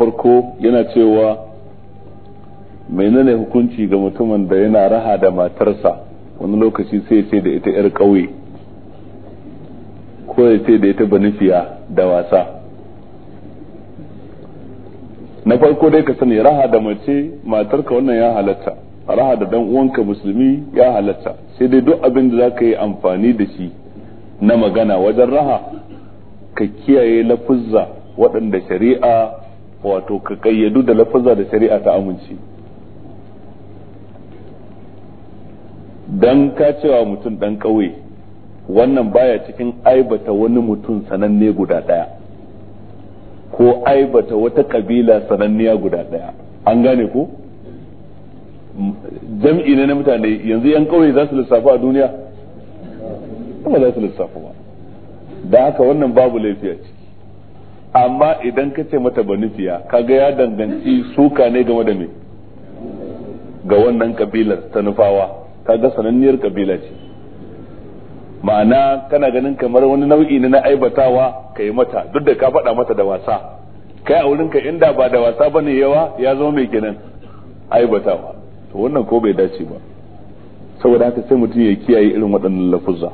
farko yana cewa menene hukunci ga mutumin da yana raha da matarsa wani lokaci sai ce da ita 'yar ƙauye ko ya ce da ita banifiya da wasa na farko dai ka sani raha da mace matarka wannan ya halatta raha da dan uwanka musulmi ya halatta sai dai duk abin da za ka yi amfani da shi na magana wajen raha ka kiyaye lafuzza waɗanda shari'a wato ka kayyadu da lafaza da shari'a ta amince dan ka cewa mutum dan kauye wannan baya cikin aibata wani mutum sananne guda daya ko aibata wata kabila sananniya guda daya an gane ko jam'i ne na mutane yanzu yan kauye za su lissafa a duniya kuma za su lissafa ba da haka wannan babu laifi a ciki amma idan ka ce mata banifiya kaga ya danganci suka ne game da me ga wannan kabilar ta nufawa kaga sananniyar kabila ce ma'ana kana ganin kamar wani nau'i ne na aibatawa ka yi mata duk da ka faɗa mata da wasa kai a wurinka inda ba da wasa ba ne yawa ya zama mai kenan aibatawa to wannan ko bai dace ba saboda haka sai mutum ya kiyaye irin waɗannan lafuzza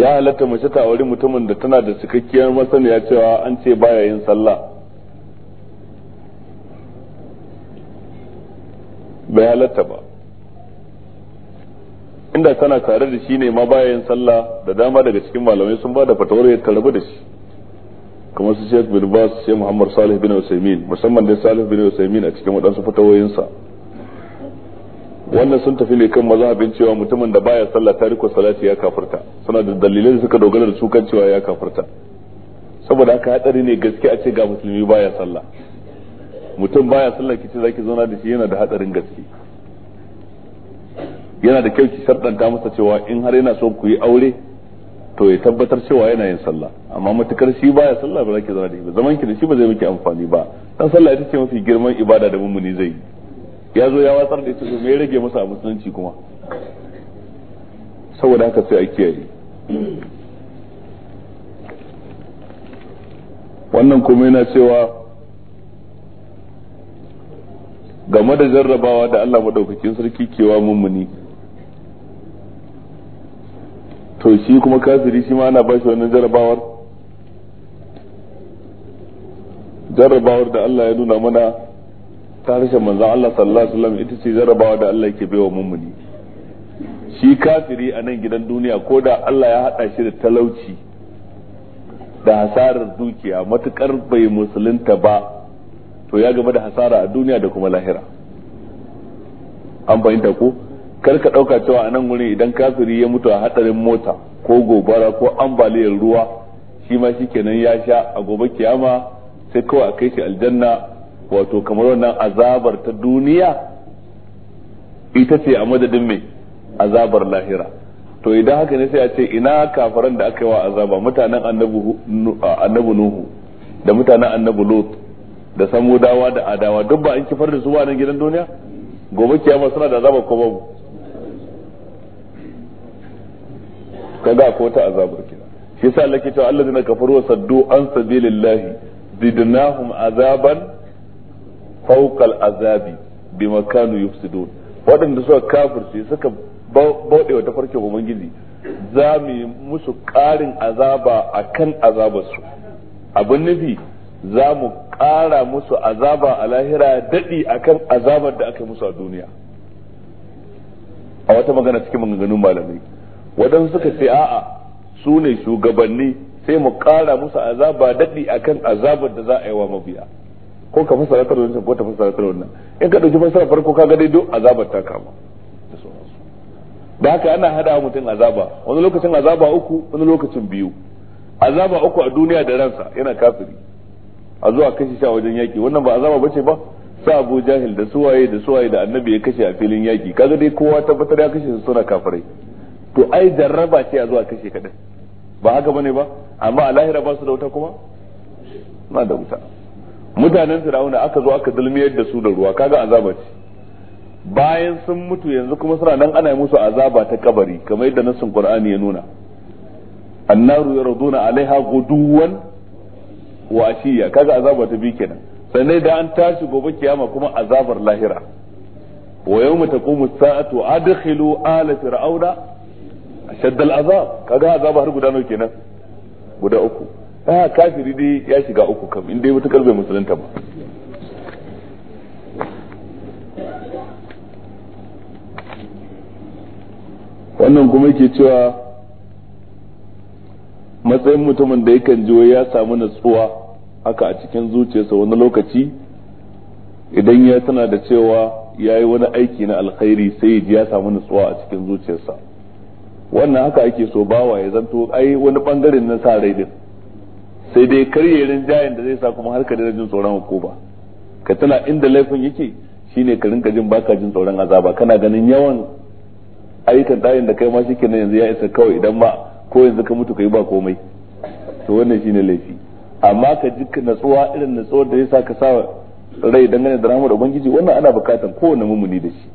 ya halatta mace ta auri mutumin da tana da cikakkiyar masaniya cewa an ce baya yin sallah bai halatta ba inda tana tare da shi ne ma baya yin sallah da dama daga cikin malamai sun ba da fatawar ya rabu da shi kamar su Sheikh bin Bas sai Muhammad Salih bin Usaimin musamman dai Salih bin Usaimin a cikin waɗansu fatawoyinsa wannan sun tafi ne kan mazhabin cewa mutumin da baya sallah tariku salati ya kafirta suna da dalilai da suka dogara da su kan cewa ya kafirta saboda haka hadari ne gaske a ce ga musulmi baya sallah mutum baya sallah kici zaki zauna da shi yana da hadarin gaske yana da kyau ki ta masa cewa in har yana so ku yi aure to ya tabbatar cewa yana yin sallah amma matukar shi baya sallah ba zaki zauna da shi ba zaman ki da shi ba zai miki amfani ba dan sallah ita ce mafi girman ibada da mummuni zai yi ya zo ya watsar da ita su ya rage masa a musulunci kuma saboda haka sai a kiyaye wannan kuma yana cewa game da jarrabawa da Allah maɗaukakin sarki kewa mummuni to shi kuma kafiri shi ma ana shi wannan jarrabawar jarrabawar da Allah ya nuna mana tarishin manzan Allah sallallahu alaihi wasallam ita ce jarabawa da Allah yake baiwa mummuni shi kafiri a nan gidan duniya ko da Allah ya haɗa shi da talauci da hasarar dukiya matukar bai musulunta ba to ya gaba da hasara a duniya da kuma lahira an fahimta ko kar ka ɗauka cewa a nan wurin idan kafiri ya mutu a hadarin mota ko gobara ko ambaliyar ruwa shi ma kenan ya sha a gobe kiyama sai kawai a kai shi aljanna wato kamar wannan azabar ta duniya ita ce a madadin mai azabar lahira to idan haka ne sai a ce ina kafaran da aka yi wa azaba mutanen annabu nuhu da mutanen annabu lot da samudawa da adawa duk ba an kifar da su ba nan gidan duniya gobe kiyama suna da azabar ko babu kaga ko ta azabar kina shi yasa Allah ke cewa allazina kafaru wa saddu an sabilillahi zidnahum azaban Faukal azabi bi makanu yufsidun waɗanda suka kafirce suka bauɗe wa tafarkin ubangiji za mu yi musu ƙarin azaba a kan azabarsu abin nufi za mu ƙara musu azaba a lahira daɗi a azabar da aka musu a duniya a wata magana cikin maganganun malamai waɗanda suka ce a'a su ne shugabanni sai mu ƙara musu azaba daɗi akan azabar da za a yi wa mabiya ko ka fassara ta wannan ko ta fassara ta wannan in ka dauki fassara farko kaga dai duk azabar ta kama da haka ana hada mutum azaba wani lokacin azaba uku wani lokacin biyu azaba uku a duniya da ransa yana kafiri a zuwa kashe shi a wajen yaki wannan ba azaba bace ba sa Abu Jahil da suwaye da suwaye da Annabi ya kashe a filin yaki kaga dai kowa tabbatar ya kashe su suna kafirai to ai jarraba ce a zuwa kashe kadan ba haka bane ba amma a lahira ba su da wuta kuma na da wuta mutanen fir'auna aka zo aka zulmiyar da su da ruwa kaga azaba ce bayan sun mutu yanzu kuma suna nan ana musu azaba ta kabari kamar yadda nassin qur'ani ya nuna annaru yaraduna alaiha guduwan wa ashiya kaga azaba ta bi kenan sannan da an tashi gobe kiyama kuma azabar lahira wa yawma taqumu saatu adkhilu ala fir'auna ashadd al'azab kaga azaba har guda nawa kenan guda uku a kafiri dai ya shiga uku kam in dai mutakar bai musulunta ba wannan kuma yake cewa matsayin mutumin da yakan ji ya samu natsuwa haka a cikin zuciyarsa wani lokaci idan ya tana da cewa ya yi wani aiki na alkhairi sai ya samu natsuwa a cikin zuciyarsa wannan haka ake so bawa ya zanto ai wani bangaren na sa rai din sai dai yi jayin da zai sa kuma har ka jin tsoron ko ba ka tana inda laifin yake shine ka rinka jin baka jin tsoron azaba kana ganin yawan ayyukan dayin da kai ma shi kenan yanzu ya isa kawai idan ma ko yanzu ka mutu kai ba komai to wannan shine laifi amma ka ji natsuwa irin natsuwar da zai sa ka sa rai dangane da da ubangiji wannan ana bukatan kowane mumuni da shi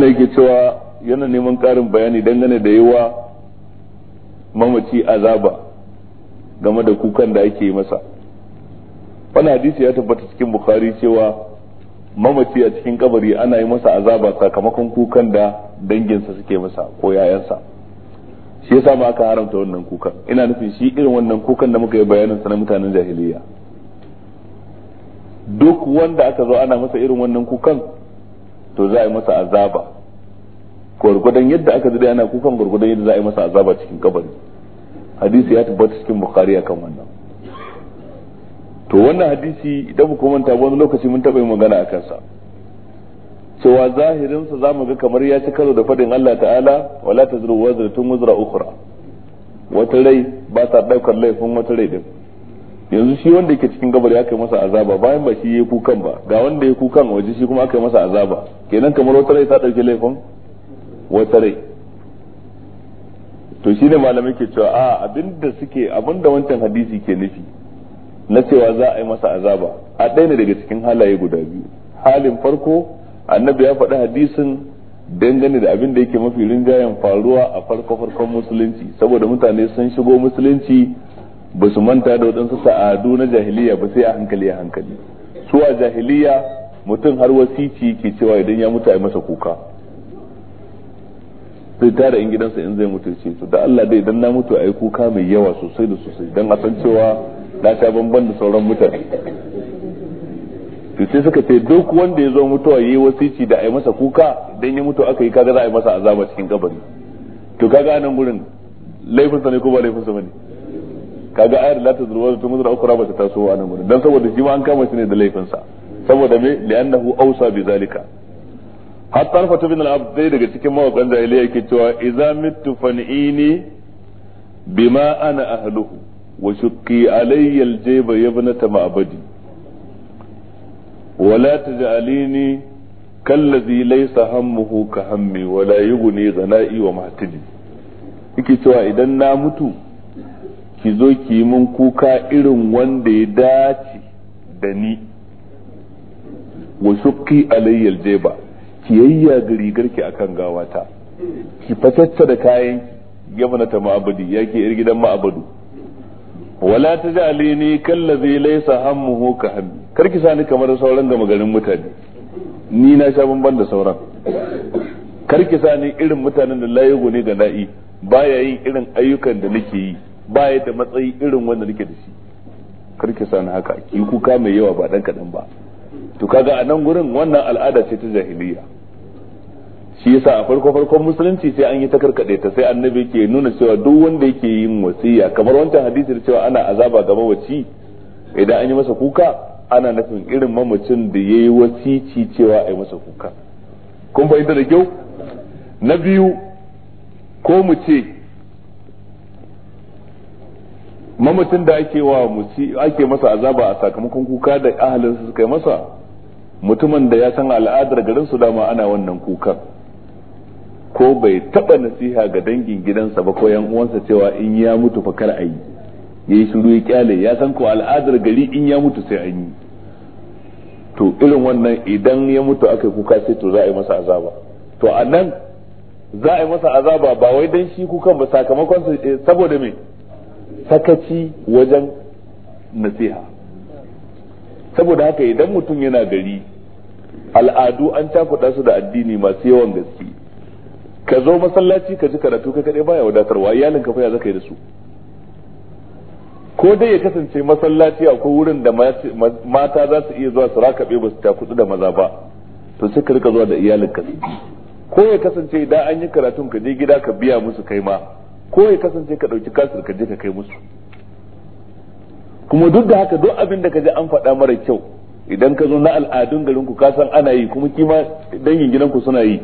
wannan yake cewa yana neman karin bayani dangane da yawa mamaci azaba game da kukan da ake masa wani hadisi ya tabbata cikin bukari cewa mamaci a cikin kabari ana yi masa azaba sakamakon kukan da danginsa suke masa ko yayansa shi yasa ma aka haramta wannan kukan ina nufin shi irin wannan kukan da muka yi bayanin sa na mutanen jahiliya duk wanda aka zo ana masa irin wannan kukan to za a yi masa azaba gwargwadon yadda aka zai ana kukan gwargwadon yadda za a yi masa azaba cikin kabari hadisi ya tabbata cikin a akan wannan to wannan hadisi idan ku manta wani lokaci mun taɓa yin magana a kansa cewa zahirinsa za mu ga kamar ya ci karo da faɗin Allah ta'ala wala tazru wazratun wazra ukhra wata rai ba ta ɗaukar laifin wata rai din yanzu shi wanda yake cikin gabar ya kai masa azaba bayan ba shi ya kukan ba ga wanda ya kukan waje shi kuma aka yi masa azaba kenan kamar wata rai ta ɗauki laifin wata rai to shine malamai ke cewa a abinda suke abinda wancan hadisi ke nufi na cewa za a yi masa azaba a ɗaya ne daga cikin halaye guda biyu halin farko annabi ya faɗi hadisin dangane da abin da yake mafi rinjayen faruwa a farko farkon musulunci saboda mutane sun shigo musulunci ba su manta da waɗansu sa'adu na jahiliya ba sai a hankali a hankali su a jahiliya mutum har wasici ke cewa idan ya mutu a yi masa kuka sai tara in gidansa in zai mutu ce da Allah dai idan na mutu a yi kuka mai yawa sosai da sosai don a san cewa na sha bamban da sauran mutane to sai suka ce duk wanda ya zo mutuwa yi wasici da a yi masa kuka idan ya mutu aka yi kaga za a yi masa azaba cikin kabari to kaga nan gurin laifinsa ne ko ba laifinsa ba ne kaga ayar la tazuru wa tun muzra ukra ba ta taso a nan gurin dan saboda shi ma an kama shi ne da laifin sa saboda me li'annahu awsa bi zalika hatta fatu bin al-abd dai daga cikin mawakan jahiliya yake cewa idza mittu fan'ini bima ana ahluhu wa shuqqi alayya al-jayba yabnata ma'badi ولا تجعليني كالذي ليس همه كهمي ولا يغني غنائي ومهتدي yake cewa idan na mutu ki zo ki yi mun kuka irin wanda ya dace da ni wa shukki alayyal jeba ki yayya ga rigarki akan gawata ki fatatta da kayan yabna ta ma'abadi ya ke yar gidan ma'abadu wala ta ji alini kallazi laisa hammuhu ka hammi kar ki sani kamar sauran gama garin mutane ni na sha bamban da sauran kar ki sani irin mutanen da layi ne ga na'i baya yin irin ayyukan da nake yi baya da matsayi irin wanda nake da shi karki sani haka ki kuka mai yawa ba dan kadan ba to kaga a nan gurin wannan al'ada ce ta jahiliya shi yasa a farko farkon musulunci sai an yi ta karkade ta sai annabi yake nuna cewa duk wanda yake yin wasiya kamar wancan hadisi da cewa ana azaba ga mawaci idan an yi masa kuka ana nufin irin mamacin da yayi wasici cewa yi masa kuka kun fahimta da kyau na biyu ko mu ce mamacin da ake wa musi ake masa azaba a sakamakon kuka da ahalin su suka yi masa mutumin da ya san al'adar garin su dama ana wannan kukan ko bai taba nasiha ga dangin gidansa ba ko yan uwansa cewa in ya mutu fa kar a yi yayi shiru ya kyale ya san ko al'adar gari in ya mutu sai an yi to irin wannan idan ya mutu aka kuka sai to za a yi masa azaba to a nan za a yi masa azaba ba wai dan shi kukan ba sakamakon eh, saboda me sakaci wajen nasiha saboda haka idan mutum yana gari al'adu an takuɗa su da addini masu yawan gaske ka zo masallaci ka ji karatu ka kaɗai baya wadatarwa iyalin ka ya zaka yi da su ko dai ya kasance masallaci akwai wurin da mata za su iya zuwa su rakaɓe ba su takuɗu da maza ba to sai ka rika zuwa da iyalin ka ko ya kasance idan an yi karatun ka je gida ka biya musu kai ma ko ya kasance ka ɗauki kasir ka je ka kai musu kuma duk da haka duk abin da ka ji an faɗa mara kyau idan ka zo na al'adun garin ku kasan ana yi kuma kima dangin gidan ku suna yi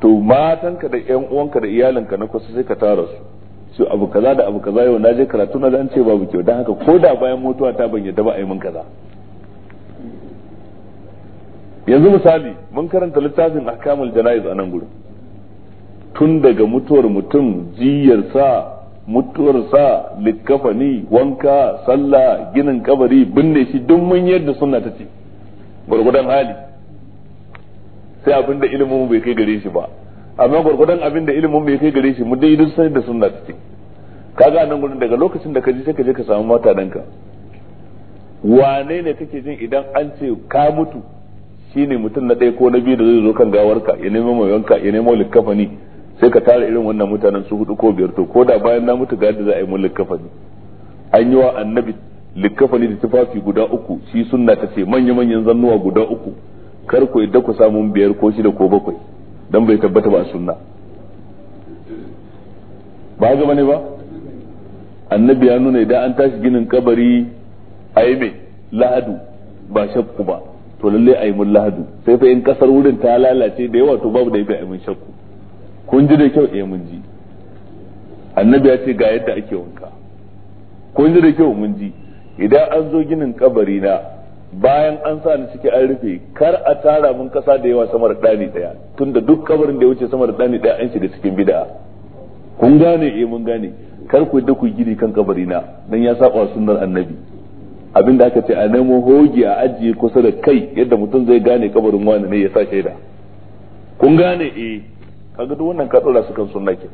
to matanka da uwan uwanka da iyalinka na kusa sai ka tara su su abu kaza da abu kaza yau na je karatu na zan ce babu kyau don haka ko da bayan mutuwa ta ban yadda ba a yi mun kaza yanzu misali mun karanta littafin ahkamul jana'iz a nan gurin tun daga mutuwar mutum jiyarsa mutuwarsa likkafani wanka sallah ginin kabari binne shi duk mun yadda suna ta ce gwargwadon hali sai abin da ilimin bai kai gare shi ba amma gwargwadon abin da ilimin bai kai gare shi mu dai duk sai da suna ta ce kaga nan gurin daga lokacin da ka ji sai ka je ka samu mata danka wane ne kake jin idan an ce ka mutu shine mutum na ɗaya ko na biyu da zai zo kan gawarka ya nemo mai wanka ya nemo likkafani sai ka tara irin wannan mutanen su hudu ko biyar to ko da bayan na mutu ga yadda za a yi mun likkafani an yi wa annabi likkafani da tufafi guda uku shi sunna ta ce manya manyan zannuwa guda uku kar ku yadda ku samun biyar ko shida ko bakwai dan bai tabbata ba a sunna ba ga bane ba annabi ya nuna idan an tashi ginin kabari a yi lahadu ba shakku ba to lallai a yi mun lahadu sai fa in kasar wurin ta lalace da yawa to babu da a yi mun shakku kun ji da kyau eh mun ji annabi ya ce ga yadda ake wanka kun ji da kyau mun ji idan an zo ginin kabari na bayan an sa ni ciki an rufe kar a tara mun kasa da yawa sama da ɗani ɗaya tunda duk kabarin da ya wuce sama da ɗani ɗaya an shiga cikin bid'a kun gane eh mun gane kar ku da ku gini kan kabari na dan ya saba sunnar annabi abinda aka ce a nemo hoge a ajiye kusa da kai yadda mutum zai gane kabarin wani ne ya sa shaida kun gane eh kaga duk wannan ka dora su kan sunna ke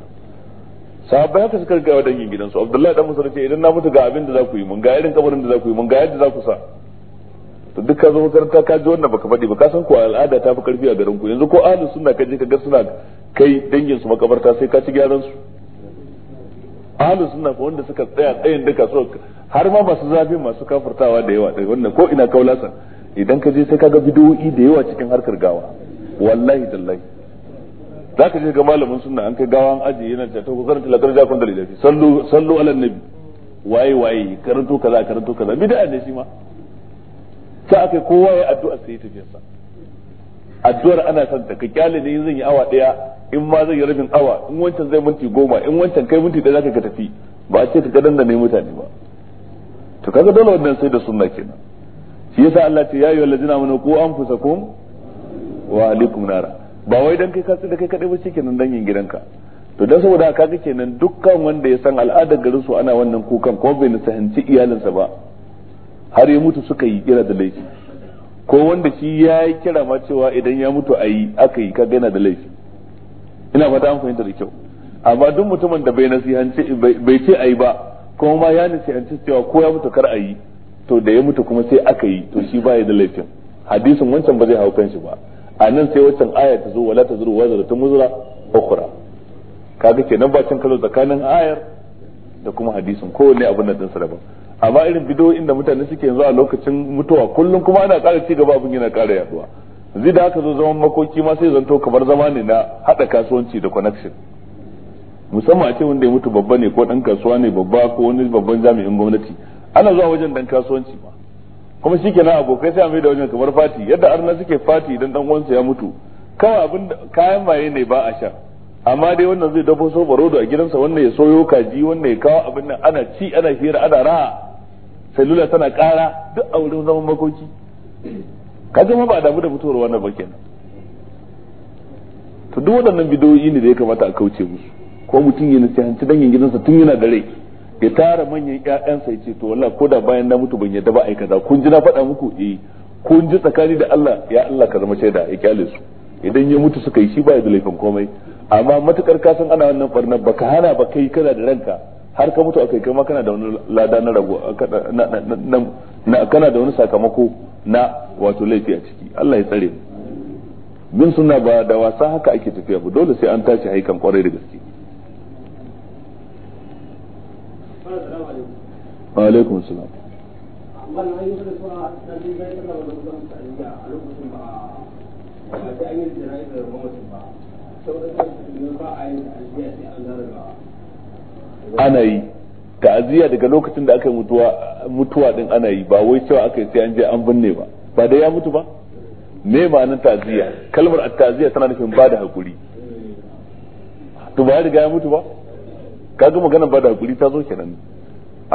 sahabbai haka suka ga dangin gidansu abdullahi dan musa ce idan na mutu ga abin da za ku yi mun ga irin kabarin da za ku yi mun ga yadda za ku sa to duk ka zo makaranta ka ji wannan baka faɗi ba ka san ko al'ada ta fi karfi a garin ku yanzu ko ahlus sunna ka je ka ga suna kai dangin su makabarta sai ka ci gyaran su ahlus sunna ko wanda suka tsaya tsayin duka so har ma masu zafi masu kafurtawa da yawa dai eh, wannan ko ina kaulasan idan ka je sai ka ga bidoyi da yawa cikin harkar gawa wallahi tallahi zaka je ga malamin sunna an kai gawan aji yana ta to karanta la karja kun dalilai sallu sallu ala nabi waye waye karanto kaza karanto kaza bid'a ne shi ma sai akai kowa ya addu'a sai ta sa addu'ar ana son ta ka kyale ne zan yi awa daya in ma zan yi rabin awa in wancan zai minti goma in wancan kai minti da zaka ka tafi ba a ce ka gadan da ne mutane ba to kaga dole wannan sai da sunna kenan shi yasa Allah ce ya ayyuhallazina amanu qu anfusakum wa alaikum nara ba wai dan kai ka da kai kadai ba shikenan dan yin gidanka to dan saboda ka kaga kenan dukkan wanda ya san al'adar garin su ana wannan kukan ko bai sahanci iyalinsa ba har ya mutu suka yi kira da laifi ko wanda shi ya yi kira ma cewa idan ya mutu a yi aka yi kaga yana da laifi ina fata an fahimta da kyau amma duk mutumin da bai nasihanci bai ce a yi ba kuma ma ya nasihanci cewa ko ya mutu kar a yi to da ya mutu kuma sai aka yi to shi ba da laifin hadisin wancan ba zai hau kanshi ba a nan sai waccan ayar ta zo wala ta zuru wazara ta muzura ukhra kaga kenan ba cin kalo tsakanin ayar da kuma hadisin kowanne abin nan din ba amma irin bidiyo da mutane suke yanzu a lokacin mutuwa kullum kuma ana ƙara ci gaba abin yana ƙara yaduwa zai da aka zo zaman makoki ma sai zanto kamar zama ne na hada kasuwanci da connection musamman a ce wanda ya mutu babba ne ko dan kasuwa ne babba ko wani babban jami'in gwamnati ana zuwa wajen dan kasuwanci ma kuma kenan abokai sai a mai da wajen kamar fati yadda arna suke fati idan dan uwansa ya mutu kawai abin kayan maye ne ba a sha amma dai wannan zai dafo so barodo a gidansa wannan ya soyo kaji wannan ya kawo abin nan ana ci ana hira ana raha salula tana kara duk a wurin zaman makoki kaga ma ba damu da mutuwar wannan ba kenan to duk waɗannan bidoyi ne da ya kamata a kauce musu ko mutum ya nasihanci dangin gidansa tun yana da rai ya tara manyan ƴaƴansa ya ce to wallahi ko da bayan na mutu ban yadda ba aikata kun ji na faɗa muku eh kun ji tsakani da Allah ya Allah ka zama shaida ya kyale su idan ya mutu suka yi shi baya da laifin komai amma matukar ka san ana wannan barnar baka hana ba kai kana da ranka har ka mutu akai kai ma kana da wani lada na rago na kana da wani sakamako na wato laifi a ciki Allah ya tsare mu bin sunna ba da wasa haka ake tafiya ba dole sai an tashi haikan kwarai da gaske wa alaikum salam ana yi ta'aziyya daga lokacin da aka mutuwa mutuwa din ana yi ba wai cewa aka sai an je an binne ba ba da ya mutu ba me ma'anar ta'aziyya kalmar at-ta'aziyya tana nufin ba da hakuri to ba ya riga ya mutu ba kaga magana ba da hakuri ta zo kenan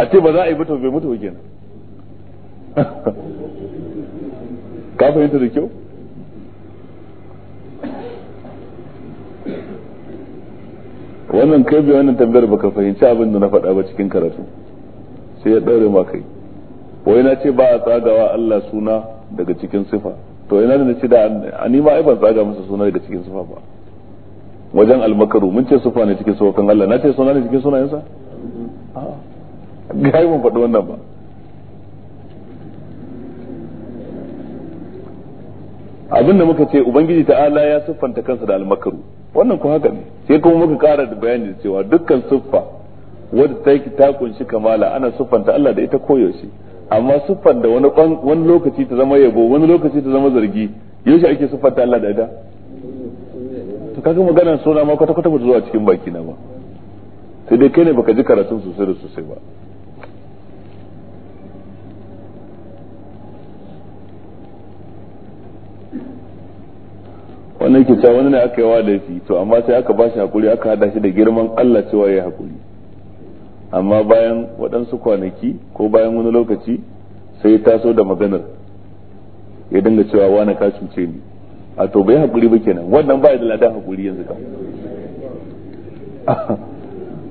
a ce ba za a yi mutu bai mutu ba kenan ka fahimta da kyau wannan kai bai wannan tambayar baka fahimci abin da na faɗa ba cikin karatu sai ya ɗaure ma kai wai na ce ba a tsagawa Allah suna daga cikin sifa to yana da ce da ani ma ai ban tsaga masa suna daga cikin sifa ba wajen almakaru mun ce sifa ne cikin sifofin Allah na ce suna ne cikin sunayensa a'a gai mun faɗi wannan ba abin da muka ce ubangiji ta'ala ya siffanta kansa da almakaru wannan ko haka ne sai kuma muka kara da bayani da cewa dukkan siffa wadda ta ta kunshi kamala ana siffanta Allah da ita koyaushe amma siffan da wani wani lokaci ta zama yabo wani lokaci ta zama zargi yaushe ake siffanta Allah da ita to kaga maganar suna ma kwata kwata ba zuwa cikin baki na ba sai dai kai ne baka ji karatun sosai da sosai ba sannan ke cewa wani ne aka yi wa laifi to amma sai aka bashi hakuri aka hada shi da girman Allah cewa ya hakuri amma bayan waɗansu kwanaki ko bayan wani lokaci sai ya taso da maganar ya dinga cewa wani ka cuce ni a to bai hakuri ba kenan wannan ba da ladan hakuri yanzu kam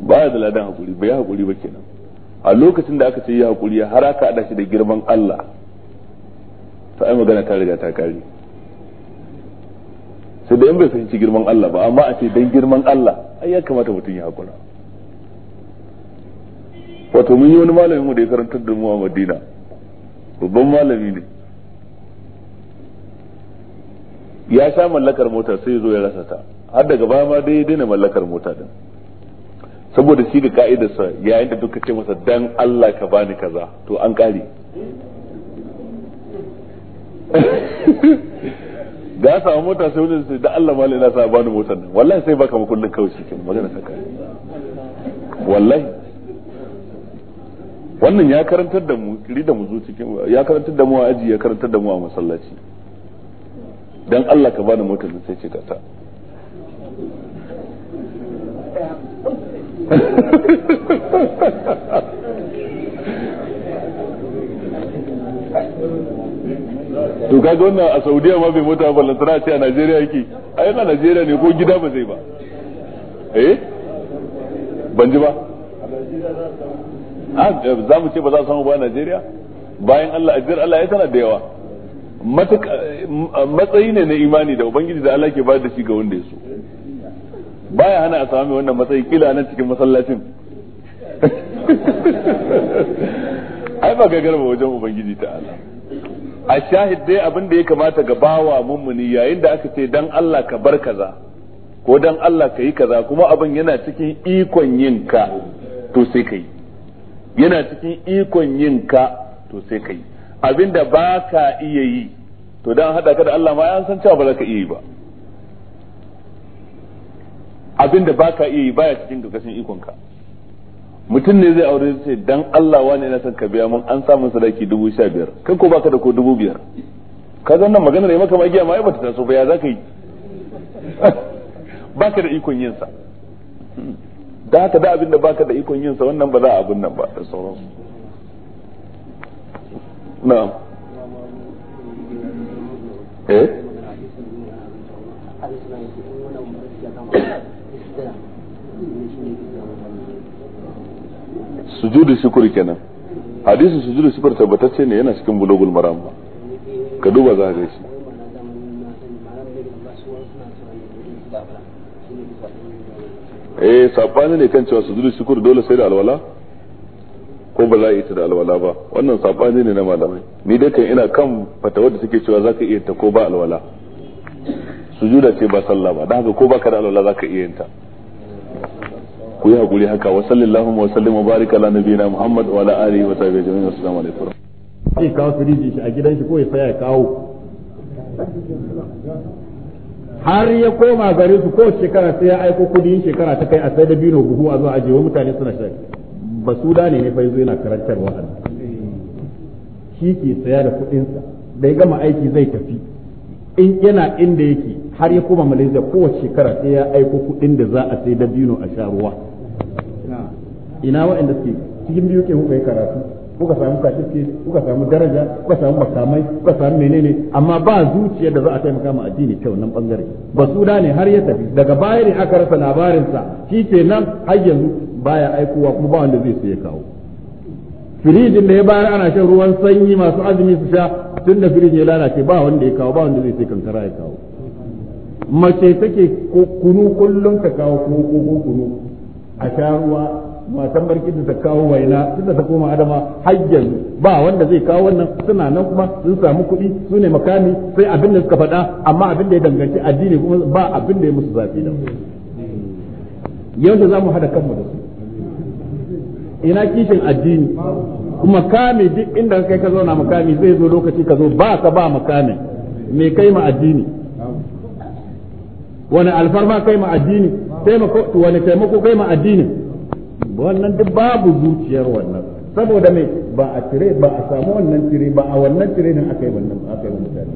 ba da ladan hakuri bai hakuri ba kenan a lokacin da aka ce ya hakuri har aka hada shi da girman Allah to ai magana ta riga ta kare sai da bai fahimci girman Allah ba amma a ce dan girman Allah ai ya kamata mutum ya hakura wato mun yi wani malamin mu da ya karantar da mu a Madina babban malami ne ya sha mallakar mota sai zo ya rasa ta har daga baya ma dai ya daina mallakar mota din saboda shi da ka'idarsa yayin da duka ce masa dan Allah ka bani kaza to an kare ga samu mota sai wani sai da Allah mali ina sa bani motar nan wallahi sai baka makullin kawai shi magana saka wallahi wannan ya karantar da mu kiri da mu zo cikin ya karantar da mu a aji ya karantar da mu a masallaci dan Allah ka bani motar sai ce ka ta to ga wannan a Saudiya ma bai mutu ba lantara ce a Najeriya yake a yana Najeriya ne ko gida ba zai ba eh ban ji ba a ah, za mu ce ba za su samu ba a Najeriya bayan Allah ajiyar Allah ya tana da yawa matsayi ne na imani da ubangiji da Allah ke ba da shi ga wanda ya so baya hana a sami wannan matsayi kila nan cikin masallacin ai ba gagarba wajen ubangiji ta'ala a shahid dai abin da ya kamata ga bawa mummuni yayin da aka ce dan Allah ka bar kaza ko dan Allah ka yi kaza kuma abin yana cikin ikon yin ka to sai kai yana cikin ikon yin ka to sai kai abinda ba ka iya yi to dan hada ka da Allah ma an san cewa ba za ka iya yi ba abinda ba ka iya yi baya cikin gagashin ikon ka mutum ne zai aure sai dan Allah wani yana son ka biya mun an samu sadaki dubu sha biyar kai ko baka da ko dubu biyar ka zan nan ne maka giya ma ba ta taso ba ya zaka yi baka da ikon yin sa da haka da abinda baka da ikon yin sa wannan ba za a abin nan ba da su na'am eh sujudu shukuri kenan hadisi sujudu shukuri tabbatacce ne yana cikin bulogul maram ka duba za ka shi eh sabani ne kan cewa sujudu shukuri dole sai da alwala ko ba za a yi ta da alwala ba wannan sabani ne na malamai ni dai kan ina kan fatawa da suke cewa za ka iya ta ko ba alwala sujuda ce ba sallah ba don haka ko ba ka da alwala za ka iya yin ta ku yi hakuri haka wa sallallahu wa sallim wa baraka ala nabiyina muhammad wa ala alihi wa sahbihi ajma'in assalamu alaikum sai kawo firiji shi a gidan shi ko ya saya kawo har ya koma gare su ko shekara sai ya aiko kudin shekara ta kai a sai da bino buhu a zuwa ajiyewa mutane suna shari ba su da ne ne fa yana karantarwa a shi ke saya da kudinsa da ya gama aiki zai tafi in yana inda yake har ya koma malaysia kowace shekara sai ya aiko kudin da za a sai da bino a sha ruwa ina waɗanda suke cikin biyu ke kuka yi karatu kuka samu katiske kuka samu daraja kuka samu makamai kuka samu menene amma ba zuciyar da za a taimaka ma addini ta wannan bangare suna ne har ya tafi daga baya ne aka rasa labarinsa shi nan har yanzu baya aikowa kuma ba wanda zai sai ya kawo firijin da ya bayar ana shan ruwan sanyi masu azumi su sha tun da firijin ya lalace ba wanda ya kawo ba wanda zai sai kankara ya kawo mace take kunu kullum ta kawo ko kunu a sha ruwa matan barki da ta kawo waina tunda ta koma adama hajjan ba wanda zai kawo wannan suna nan kuma sun samu kuɗi su ne makami sai abin da suka faɗa amma abin da ya danganci addini kuma ba abin da ya musu zafi da yau da za mu haɗa kanmu da su ina kishin addini kuma duk inda kai ka zauna makami zai zo lokaci ka zo ba ka ba makamin me kai ma addini wani alfarma kai ma addini taimako wani taimako kai ma addinin wannan duk babu zuciyar wannan saboda mai ba a cire ba a samu wannan cire ba a wannan cire din aka yi wannan aka yi wannan cire.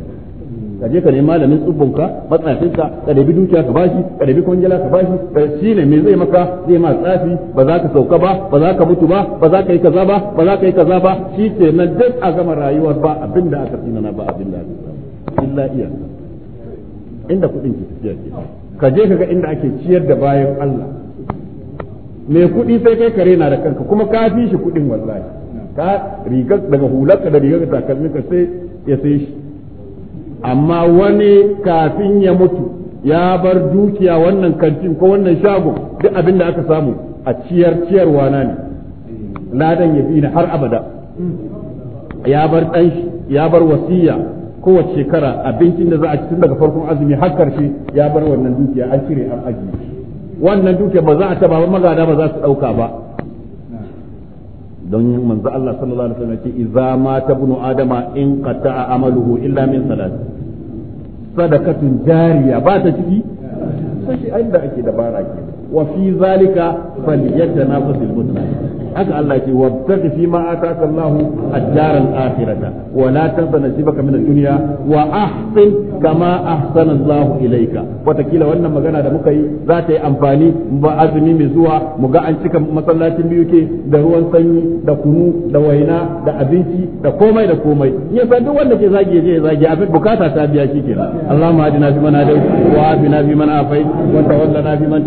ka je ka nemi malamin tsubbunka matsafinka ka dabi dukiya ka bashi ka dabi kwangila ka bashi shi ne me zai maka zai ma tsafi ba za ka sauka ba ba za ka mutu ba ba za ka yi kaza ba ba za ka yi kaza ba shi ke nan duk a gama rayuwar ba abin da aka tsinana ba abin da aka samu illa iya inda kudin ke tafiya ke ka je ka ga inda ake ciyar da bayan Allah mai kuɗi sai kai kare na da kanka kuma ka fi shi kuɗin wallahi ka rigar daga hularka da rigar takalminka sai ya sai shi amma wani kafin ya mutu ya bar dukiya wannan kantin ko wannan shago duk abin da aka samu a ciyar ciyarwa na ne ladan ya fi ni har abada ya bar ɗan ya bar wasiya kowace shekara abincin da za a ci tun daga farkon azumi har karshe ya bar wannan dukiya an cire an ajiye wannan duke ba za a taba ba magana ba za su dauka ba don manzo Allah sallallahu alaihi wasallam ce idza mata ibnu adama in qata amaluhu illa min salat sadakatun jariya ba ta ciki sai shi inda ake dabara ke wa fi zalika falyatanafasul mutanafis haka Allah ce wabtaqi fi ma ataka Allahu ad-dar al-akhirata wa la tansa nasibaka min ad-dunya wa ahsin kama ahsana Allahu ilayka watakila wannan magana da muka yi za ta yi amfani ba azumi mai zuwa mu ga an cika masallacin biyu ke da ruwan sanyi da kunu da waina da abinci da komai da komai ya san duk wanda ke zagi je a abin bukata ta biya shi kenan Allahumma adina fi man wa afina fi man wa tawallana fi man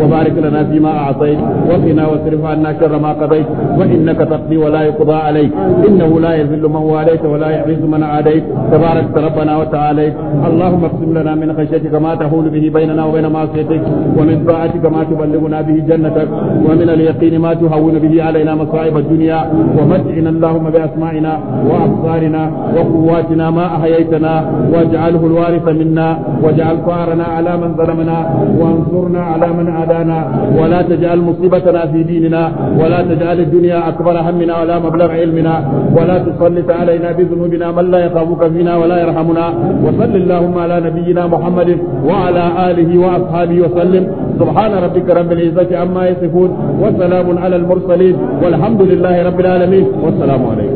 wa barik lana fi ma wa qina anna ما قضيت وإنك تقضي ولا يقضى عليك إنه لا يذل من واليت ولا يعز من عاديت تبارك ربنا وتعالي اللهم اقسم لنا من خشيتك ما تحول به بيننا وبين معصيتك ومن طاعتك ما تبلغنا به جنتك ومن اليقين ما تهون به علينا مصائب الدنيا ومتعنا اللهم بأسمائنا وأبصارنا وقواتنا ما أحييتنا واجعله الوارث منا واجعل فارنا على من ظلمنا وانصرنا على من عادانا ولا تجعل مصيبتنا في ديننا ولا ولا تجعل الدنيا أكبر همنا ولا مبلغ علمنا ولا تسلط علينا بذنوبنا من لا يخافك فينا ولا يرحمنا وصل اللهم على نبينا محمد وعلى آله وأصحابه وسلم سبحان ربك رب العزة عما يصفون وسلام على المرسلين والحمد لله رب العالمين والسلام عليكم